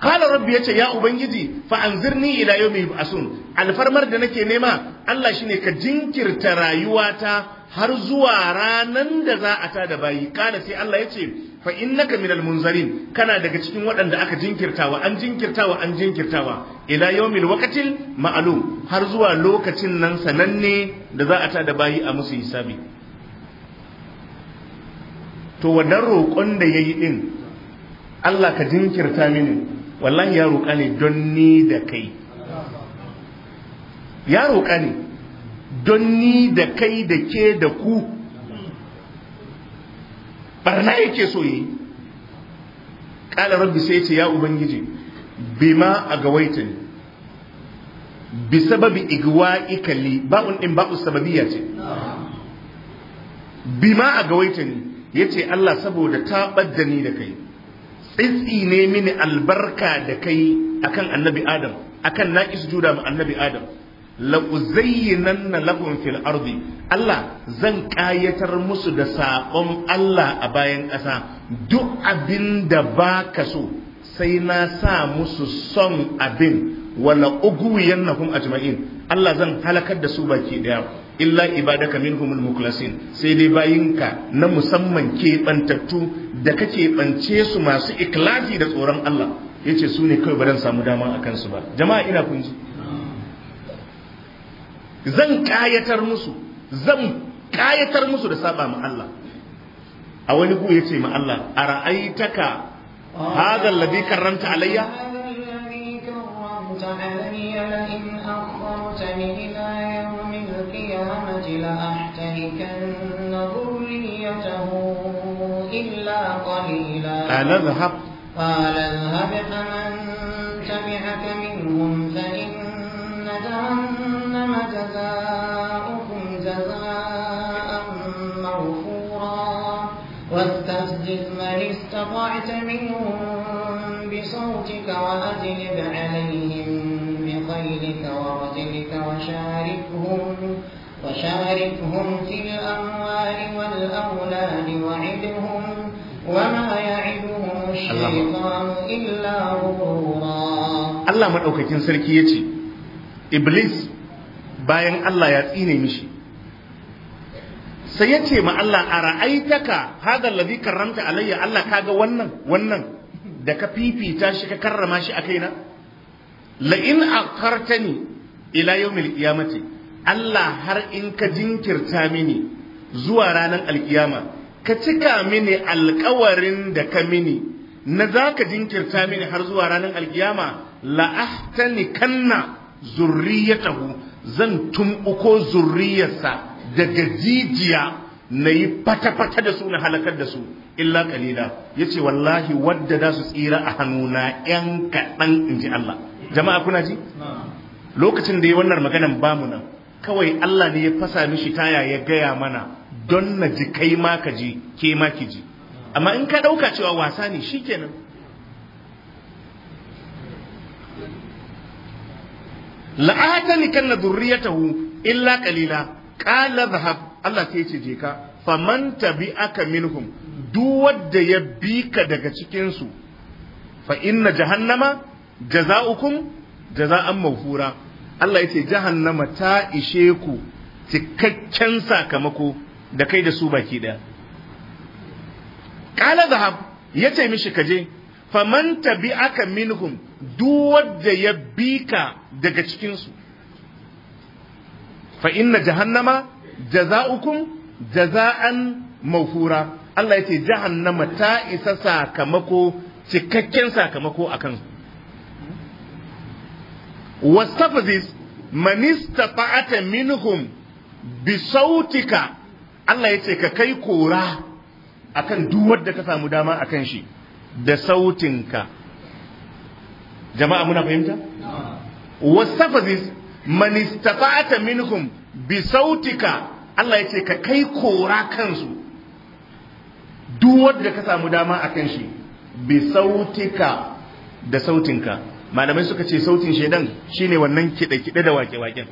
Speaker 1: kala rabbi ya ce ya ubangiji fa'anzirni ila yau mai asun alfarmar da nake nema Allah shi ne ka jinkirta rayuwata har zuwa ranan da za a tada bayi kana sai Allah ya ce fa innaka minal munzarin kana daga cikin waɗanda aka jinkirtawa an jinkirtawa an jinkirtawa ila yawmil waqtil ma'lum har zuwa lokacin nan sananne da za a tada bayi a musu hisabi to wannan roƙon da yayi din Allah ka jinkirta mini wallahi ya roƙa ne don ni da kai ya roƙa ne don ni da kai da ke da ku barna yake so yi ƙala rabbi sai ce ya ubangiji bima a gawaitin bi sababi igwa ikali ba'un ɗin ba'u sababiya ce bima a gawaitin ne ya ce Allah saboda ta ɓaddani ni da kai tsitsi ne mini albarka da kai akan annabi adam akan na isu juda ma annabi adam la'uzayyinan lahum fil ardi Allah zan kayatar musu da saƙon Allah a bayan ƙasa duk abin da ba ka so sai na sa musu son abin wala ugwiyannahum ajma'in Allah zan halakar da su baki daya illa ibadaka minhumul mukhlasin sai dai ka na musamman keɓantattu da kake bance su masu ikhlasi da tsoron Allah yace su ne kai ba samu dama a kansu ba jama'a ina kun zan kayatar musu zan kayatar musu da saba ma Allah a wani gu yace ma Allah ara'aitaka hadha alladhi karramta alayya
Speaker 3: قال اذهب قال اذهب فمن تبعك منهم استطعت منهم بصوتك وأجلب عليهم بخيلك ورجلك وشاركهم وشاركهم في الأموال والأولاد وعدهم وما يعدهم الشيطان إلا غرورا
Speaker 1: الله ما أوكي كنسر كيتي إبليس bayan Allah ya tsine mishi sai ya ce ma Allah a ra'aitaka hadal ladhi karramta alayya Allah kaga wannan wannan da ka fifita shi ka karrama shi a kaina la in akhartani ila yawmil qiyamati Allah har in ka jinkirta mini zuwa ranar alkiyama ka cika mini alkawarin da ka mini na za ka jinkirta mini har zuwa ranar alkiyama la'ahtani kanna zurriyatahu zan tumɓuko zurriyarsa daga jijiya na yi fata-fata da su na halakar da su illa kalila ya ce wallahi wadda za su tsira a hannuna yan kaɗan in ji Allah jama'a kuna ji lokacin da ya wannan maganan bamu nan kawai Allah ne ya fasa mishi taya ya gaya mana don na ji kai ma ka ji ke ma ki ji amma in ka ɗauka cewa wasa ne shi shikenan la'atani kan na zurriyatahu illa kalila Ƙala zahab Allah yi ce je ka faman aka minhum duk wadda ya bi ka daga cikin su fa inna jahannama jaza'ukum jaza'an mawfura Allah yace jahannama ta ishe ku cikakken sakamako da kai da su baki daya zahab ya yace mishi kaje faman aka minhum duk wadda ya bi ka daga cikinsu. fa inna jahannama jaza'ukum jaza'an mawfura Allah ya ce jahannama ta isa sakamako cikakken sakamako a kansu wastafzis man istata'ata minhum bi sautika Allah ya ce ka kai kora akan duk da ka samu dama akan shi da sautinka jama'a muna fahimta wastafzis man istata'ta minhum bi sautika Allah yace ka kai kora kansu duk wanda ka samu dama akan shi bi sautika da sautinka malamai suka ce sautin shedan shine wannan kiɗe-kiɗe da wake-waken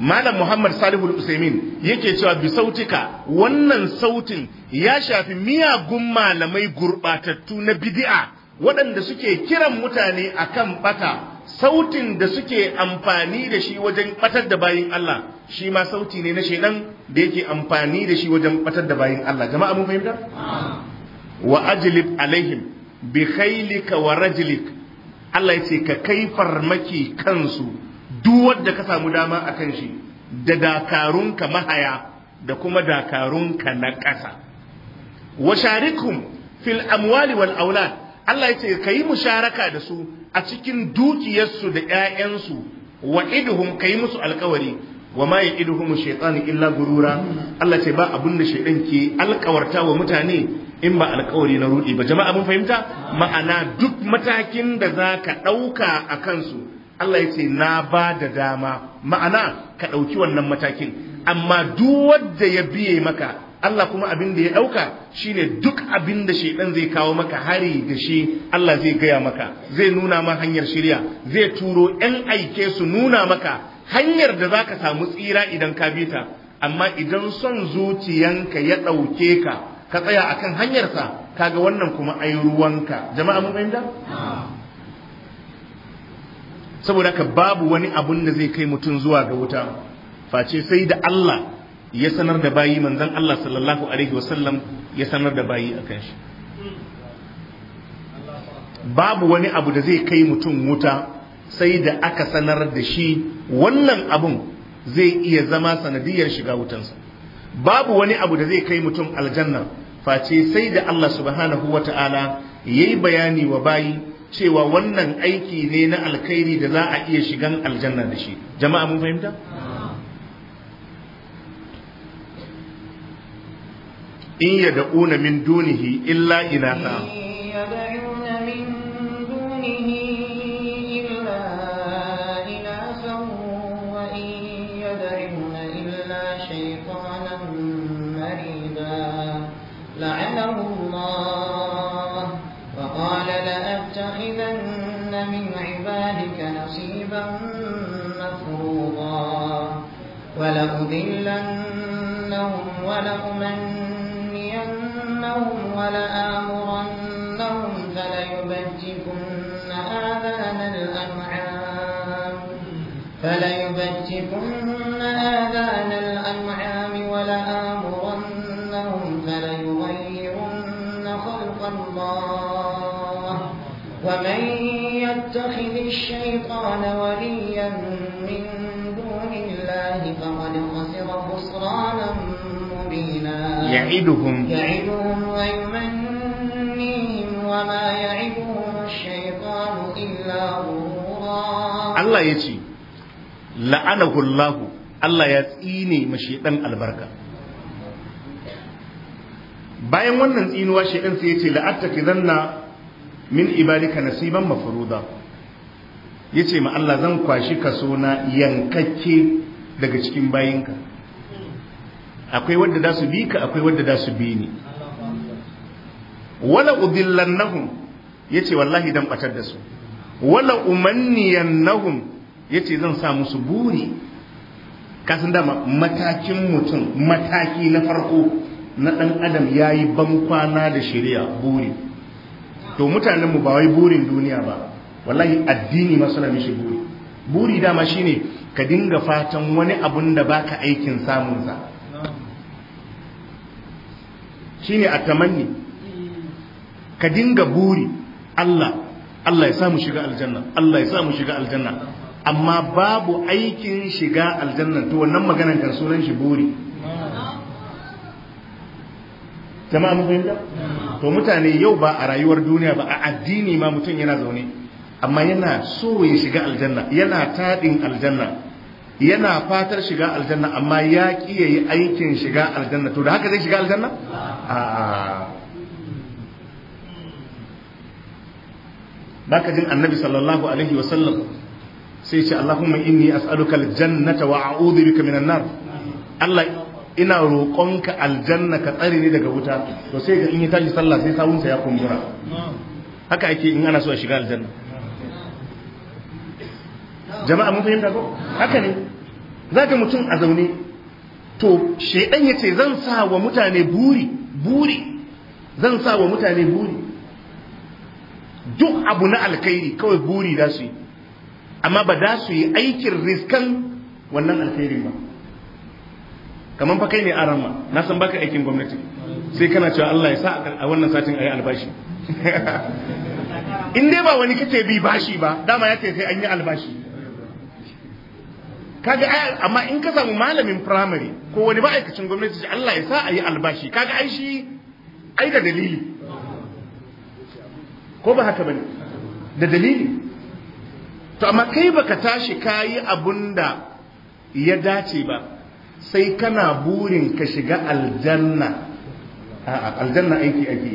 Speaker 1: malam muhammad salihul usaimin yake cewa bi sautika wannan sautin ya shafi miyagun malamai gurɓatattu na bid'a waɗanda suke kiran mutane akan bata sautin da suke amfani da shi wajen batar da bayin Allah shi ma sauti ne na shedan da yake amfani da shi wajen batar da bayin Allah jama'a mun fahimta wa ajlib alaihim bi khailika wa rajlik Allah yace ka kai farmaki kansu duk wanda ka samu dama akan shi da dakarunka mahaya da kuma dakarunka na ƙasa wa sharikum fil amwali wal aulad Allah ya ce ka yi musharaka da su a cikin dukiyarsu da ‘ya'yansu wa iduhun ka yi musu alkawari wa ma ya iduhum shaitan illa gurura Allah ce ba abun da shaitan ke alkawarta wa mutane in ba alkawari na rudi ba jama'a mun fahimta ma'ana duk matakin da za ka ɗauka a kansu Allah ya ce na ba da dama ma'ana ka ɗauki wannan matakin amma duk wanda ya biye maka Allah kuma abin da ya ɗauka shine duk abin da ɗan zai kawo maka hari da shi Allah zai gaya maka zai nuna ma hanyar shirya zai turo 'yan aike su nuna maka hanyar da za ka samu tsira idan ka bi ta amma idan son zuciyanka ya ɗauke ka ka tsaya akan hanyarsa kaga wannan kuma ai ruwanka jama'a mun fahimta saboda ka babu wani abun da zai kai mutum zuwa ga wuta face sai da Allah ya sanar da bayi manzan Allah sallallahu alaihi wasallam ya sanar da bayi kan shi babu wani abu da zai kai mutum wuta sai da aka sanar da shi wannan abun zai iya zama sanadiyar shiga wutansa babu wani abu da zai kai mutum aljanna face sai da Allah subhanahu ya yi bayani wa bayi cewa wannan aiki ne na alkhairi da za a iya shigan aljanna da shi jama'a mun fahimta in yad'una min dunihi illa ilaha
Speaker 3: ولأذلنهم ولأمنهم لآمرنهم ولآمرنهم فليبتكن آذان الأنعام فليبتكن آذان الأنعام ولآمرنهم فليغيرن خلق الله ومن يتخذ الشيطان وليا من دون الله فقد خسر خسرانا مبينا يعدهم
Speaker 1: Allah ya ce la'ana Allah Allah ya tsine ma shedan albarka bayan wannan tsinuwa shedan sai ya ce zanna min ibadika nasiban mafruda ce ma Allah zan kwashi kaso na yankakke daga cikin bayinka akwai wadda da su bi ka akwai wadda da su bi ni wala udillannahum yace wallahi dan batar da su wala umanniyan nahum yace zan sa musu buri kasan dama matakin mutum mataki na farko na dan adam yayi bankwana da shari'a buri to mutanen mu ba wai burin duniya ba wallahi addini ma suna mishi buri buri dama shine ka dinga fatan wani abun da baka aikin samun sa shine a tamanni ka dinga buri Allah Allah ya samu shiga aljanna Allah ya samu shiga aljanna amma babu aikin shiga aljanna to wannan maganan kan sunan shi buri jama'a mun fahimta to mutane yau ba a rayuwar duniya ba a addini ma mutum yana zaune amma yana so ya shiga aljanna yana tadin aljanna yana fatar shiga aljanna amma ya ƙi yayi aikin shiga aljanna to da haka zai shiga aljanna a'a baka jin annabi sallallahu alaihi wa sallam sai ce Allahumma inni as'aluka aljannata wa a'udhu bika minan nar Allah ina roƙonka aljanna ka tsare ni daga wuta to sai ga in ya tashi sallah sai sa ya kumbura haka ake in ana so a shiga aljanna jama'a mun fahimta ko haka ne zaka mutum a zaune to shaidan yace zan sa wa mutane buri buri zan sa wa mutane buri duk abu na alkhairi kawai buri za su yi amma ba za su yi aikin riskan wannan alkhairi ba kamar fa kai ne arama na san baka aikin gwamnati sai kana cewa Allah ya sa a wannan satin ayi albashi in dai ba wani kace bi bashi ba dama ya ce sai an yi albashi kaga ai amma in ka samu malamin primary ko wani ma'aikacin gwamnati Allah ya sa a yi albashi kaga ai shi ai da dalili ko ba haka bane da dalili to amma kai baka tashi kayi abunda ya dace ba sai kana burin ka shiga aljanna aljanna aiki ake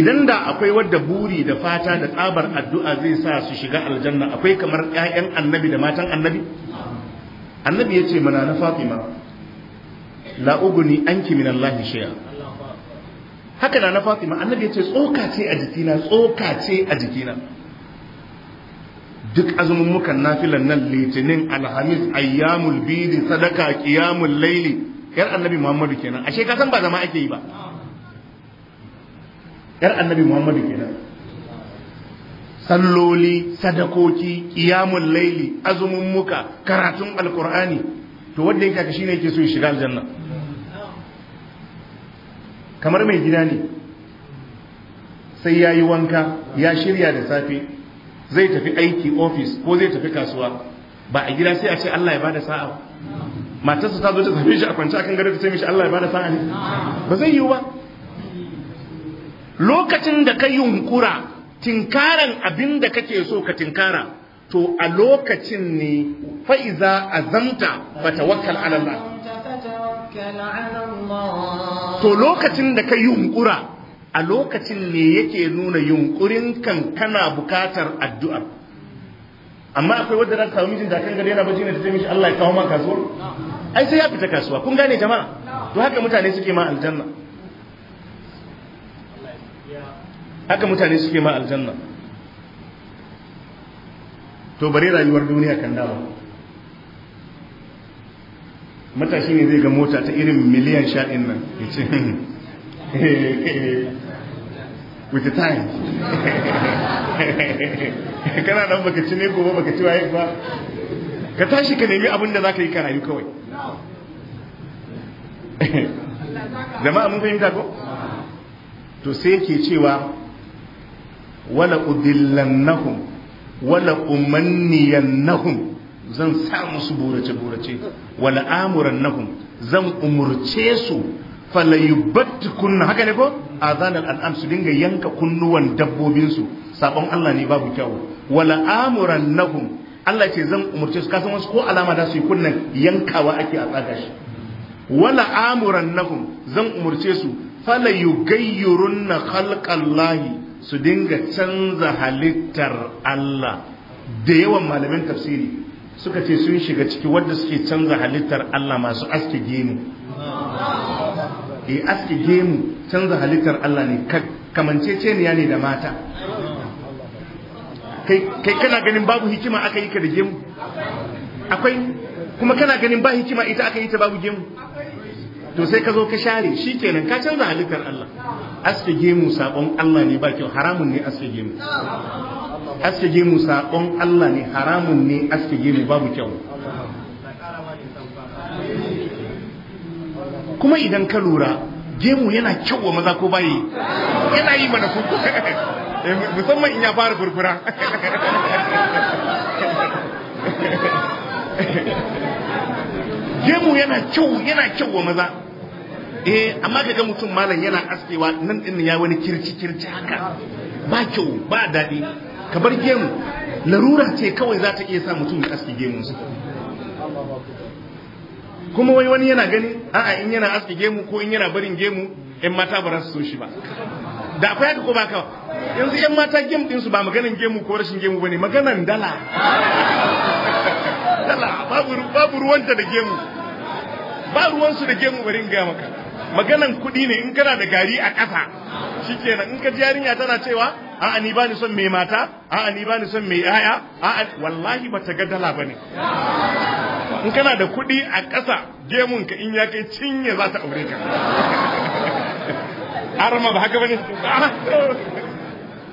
Speaker 1: idan da akwai wadda buri da fata da tsabar addu'a zai sa su shiga aljanna akwai kamar 'ya'yan annabi da matan annabi annabi ya ce mana na fatima la uguni anki min Allah shay'a haka na na fatima annabi ya ce tsoka ce a jikina tsoka ce a jikina duk azumin na nafilan nan litinin alhamis ayyamul bidi sadaka qiyamul laili yar annabi muhammadu kenan ashe ka san ba zama ake yi ba yar annabi muhammadu kenan salloli sadakoki qiyamul laili azumin muka karatun alqur'ani to wanda yake shine yake so ya shiga aljanna kamar mai gida ne sai ya yi wanka ya shirya da safe zai tafi aiki ofis ko zai tafi kasuwa ba a gida sai a ce Allah ya bada sa'a matarsa ta zo ta same shi a kwance akan gado ta ce mishi Allah ya bada sa'a ne ba zai yiwu ba lokacin da ka yunkura tinkaran abin da kake so ka tinkara to a lokacin ne fa'iza azamta ba tawakkal ala
Speaker 3: Allah to lokacin da ka yunkura
Speaker 1: a lokacin ne yake nuna yunkurin kan kana bukatar addu'ar amma akwai wadda na ta samu mijin takan gare yana bacci ne ta ce mishi Allah ya kawo ma kasuwar ai sai ya fita kasuwa kun gane jama'a to haka mutane suke ma aljanna haka mutane suke ma aljanna to bare rayuwar duniya kan dawo matashi ne zai ga mota ta irin miliyan sha ɗin nan ya ce eh, eh, with the time kana nan baka ci ne gobe baka ci waye ba ka tashi ka nemi abin da za ka yi ka rayu kawai
Speaker 2: jama'a
Speaker 1: mun fahimta ko to sai ke cewa wala udillannahum wala umanniyannahum zan sa musu burace burace wala amuran nahum zan umurce su falayubatti kunna haka ne ko azanar al'am su dinga yanka kunnuwan dabbobinsu sabon Allah ne babu kyau. wala amuran nahum Allah ce zan umurce su kasan wasu ko alama da su yi kunnan yankawa ake a tsaka shi wala amuran nahum zan umurce su falayugayyurunna khalqallahi su dinga canza halittar Allah da yawan malamin tafsiri suka ce sun shiga ciki wadda suke canza halittar Allah masu aske gemu Eh aske gemu canza halittar Allah ne kamanceceniya ne da mata kai kana ganin babu hikima aka yi ka da gemu akwai kuma kana ganin ba hikima ita aka yi ta babu gemu to sai ka zo ka share shi kenan ka canza halittar Allah aske gemu sabon Allah ne ba kyau haramun ne aske gemu aske gemu saƙon Allah ne haramun ne aske gemu babu kyau kuma idan ka lura gemu yana kyau wa maza ko baye, yana yi mana ku. Eh, musamman in ya fara furfura gemu yana kyau yana kyau wa maza eh amma kaga mutum malam yana askewa nan din ya wani kirci kirci haka ba kyau ba daɗi ka bar gemu larura ce kawai za ta iya sa mutum ya aski gemu su. kuma wai wani yana gani a'a in yana aski gemu ko in yana barin gemu yan mata ba su so shi ba da akwai haka ko ba kawa yanzu yan mata gemu din su ba maganan gemu ko rashin gemu bane maganan dala
Speaker 2: dala babu babu ruwanta
Speaker 1: da gemu ba ruwan su da gemu bari in ga maka maganan kuɗi ne in kana da gari a ƙasa shikenan in ka ji yarinya tana cewa a'a ni bani son mai mata a'a ni bani son mai yaya a'a wallahi bata ga dala bane in kana da kuɗi a ƙasa gemun ka in ya kai cinye za ta aure ka arma ba haka bane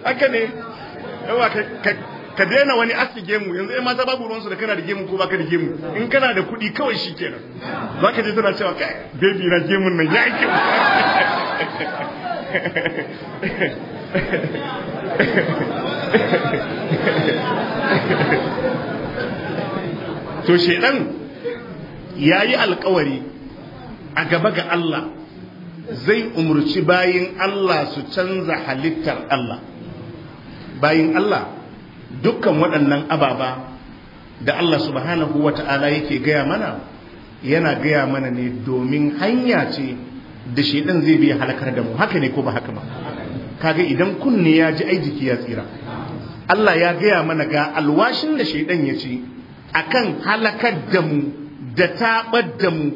Speaker 1: haka ne yawa ka daina wani aski gemu yanzu ai mata babu ruwansu da kana da gemu ko baka da gemu in kana da kuɗi kawai shikenan zaka je tana cewa kai baby na gemun nan ya yi to shedan ya yi alkawari a gaba ga Allah zai umurci bayin Allah su canza halittar Allah bayin Allah dukkan waɗannan ababa da Allah subhanahu wa ta'ala yake gaya mana yana gaya mana ne domin hanya ce da shedan zai bi halakar da mu haka ne ko ba haka ba kaga idan kunne ya ji ai jiki ya tsira Allah ya gaya mana ga alwashin da shaidan ya ce akan halakar da mu da taɓar da mu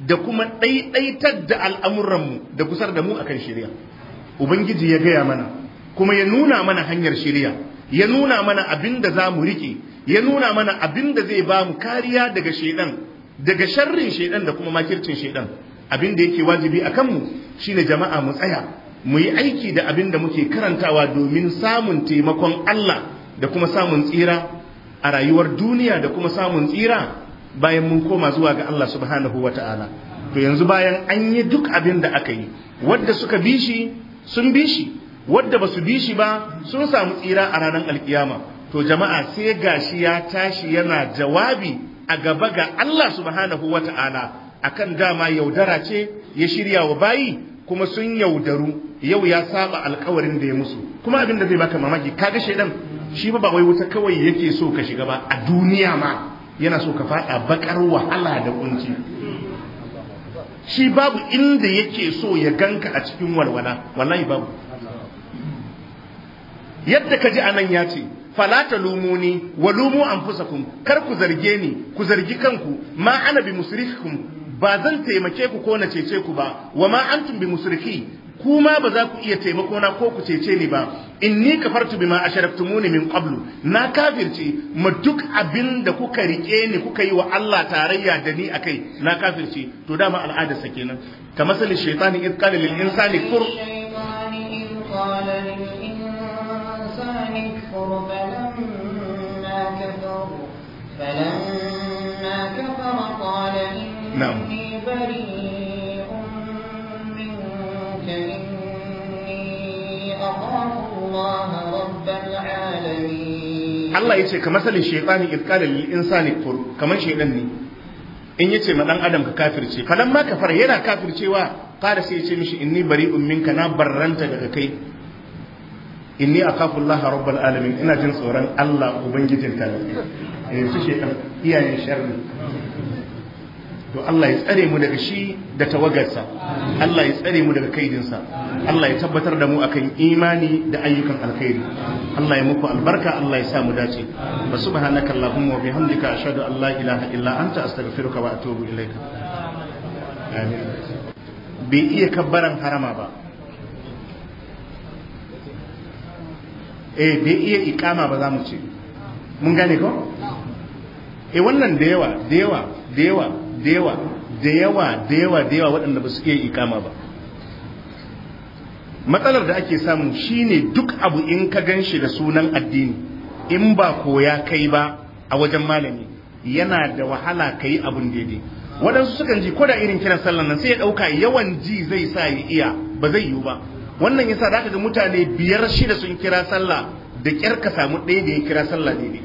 Speaker 1: da kuma ɗaiɗaitar da al'amuranmu da kusar da mu akan shirya ubangiji ya gaya mana kuma ya nuna mana hanyar shirya ya nuna mana abin da za mu riƙe ya nuna mana abin da zai ba mu kariya daga shaidan daga sharrin shaidan da kuma makircin shaidan abin da yake wajibi a kanmu shine jama'a mu tsaya mu yi aiki da abin da muke karantawa domin samun taimakon Allah da kuma samun tsira a rayuwar duniya da kuma samun tsira bayan mun koma zuwa ga Allah subhanahu wa ta'ala to yanzu bayan an yi duk abin da aka yi wadda suka bi shi sun bi shi wadda ba su bi shi ba sun samu tsira a ranar alkiyama to jama'a sai gashi ya tashi yana jawabi a gaba ga Allah subhanahu wa ta'ala kan dama yaudara ce ya shirya wa bayi kuma sun yaudaru yau ya saba alkawarin da ya musu kuma abin da zai baka mamaki kaga shaidan shi ba wai wuta kawai yake so ka shiga ba a duniya ma yana so ka faɗa bakar wahala da kunci shi babu inda yake so ya ganka a cikin walwala wallahi babu yadda ka ji anan ya ce fala ta lumuni wa lumu anfusakum kar ku zarge ni ku zargi kanku ma ana bi musrifikum ba zan taimake ku ko na cece ku ba wa ma antum bi musriki kuma ba za ku iya taimako na ko ku cece ni ba inni kafartu bima asharaftumuni min qablu na kafirce ma duk abin da kuka rike ni kuka yi wa Allah tarayya da ni akai na kafirce to dama al'ada sa kenan Ka masalin shaytani id qala lil insani kur فلما Allah ya ce ka masalin ni idkalin lil insani kufur kamar shaidan ne in yace ma ɗan adam ka kafirce falan ma kafara yana kafircewa fara sai ya ce mishi inni ummin ka, na barranta daga kai a kafin laha rabbul alamin ina jin tsoron Allah ubangijin ta eh su iyayen sharri to Allah ya tsare mu daga shi da tawagarsa Allah ya tsare mu daga kaidinsa Allah ya tabbatar da mu akan imani da ayyukan alkhairi Allah ya muku albarka Allah ya sa mu dace wa subhanaka allahumma wa bihamdika ashhadu an la ilaha illa anta astaghfiruka wa atubu ilayka amin bai iya kabbaran harama ba eh bai iya ikama ba za mu ce mun gane ko eh wannan da yawa da yawa da yawa dewa yawa da yawa da yawa da yawa waɗanda ba su iya ikama ba matsalar da ake samu shine duk abu in ka gan shi da sunan addini in ba koya kai ba a wajen malami yana da wahala ka yi abin daidai waɗansu sukan ji koda irin kiran sallan nan sai ya ɗauka yawan ji zai sa ya iya ba zai yiwu ba wannan yasa za ka ga mutane biyar shida sun kira sallah da ƙyar ka samu ɗaya da ya kira sallah daidai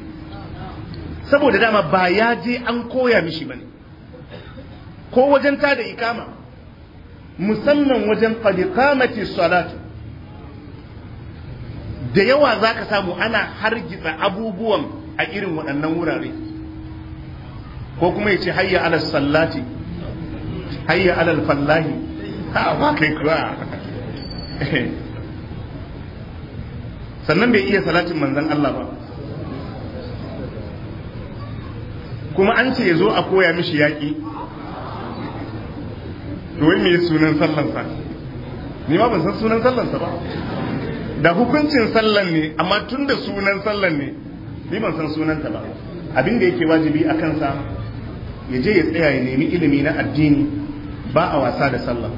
Speaker 1: saboda dama ba ya je an koya mishi bane ko wajen ta da ikama musamman wajen qadiqamati salatu da yawa zaka samu ana hargitsa abubuwan a irin waɗannan wurare ko kuma yace hayya ala sallati hayya ala fallahi ha ba kai kuwa sannan bai iya salatin manzon Allah ba kuma an ce ya zo a koya mishi yaƙi to wai me sunan sallansa ni ma ban san sunan sallansa ba da hukuncin sallan ne amma tun da sunan sallan ne ni ban san sunan ta ba abin da yake wajibi a kansa ya je ya tsaya ya nemi ilimi na addini ba a wasa da sallah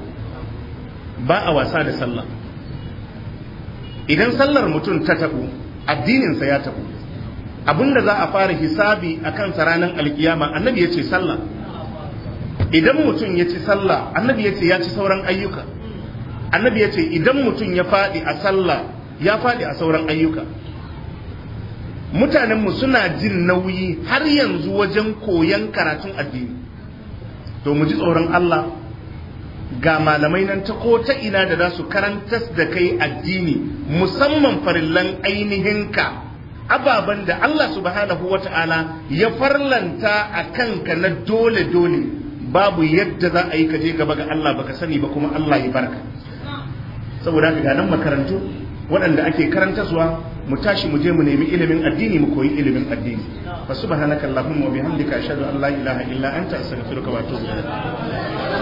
Speaker 1: ba a wasa da sallah idan sallar mutum ta tabu addininsa ya tabu abinda za a fara hisabi a kansa ranar alkiyama annabi ya ce sallah idan mutum ya ci sallah annabi ya ce ya ci sauran ayyuka annabi ya ce idan mutum ya faɗi a sallah ya faɗi a sauran ayyuka mutanenmu suna jin nauyi har yanzu wajen koyon karatun addini to mu ji tsoron Allah ga malamai nan ta ko ta ina da za su karantas da kai addini musamman farillan ka, ababen da Allah subhanahu wata'ala ya farlanta a kanka na dole-dole babu yadda za a yi ka je gaba ga Allah baka sani ba kuma Allah ya barka saboda ga nan makarantu waɗanda ake karantaswa mu tashi mu je mu nemi ilimin addini mu koyi ilimin addini fa subhanaka allahumma wa bihamdika ashhadu an la ilaha illa anta
Speaker 2: astaghfiruka wa atubu ilaik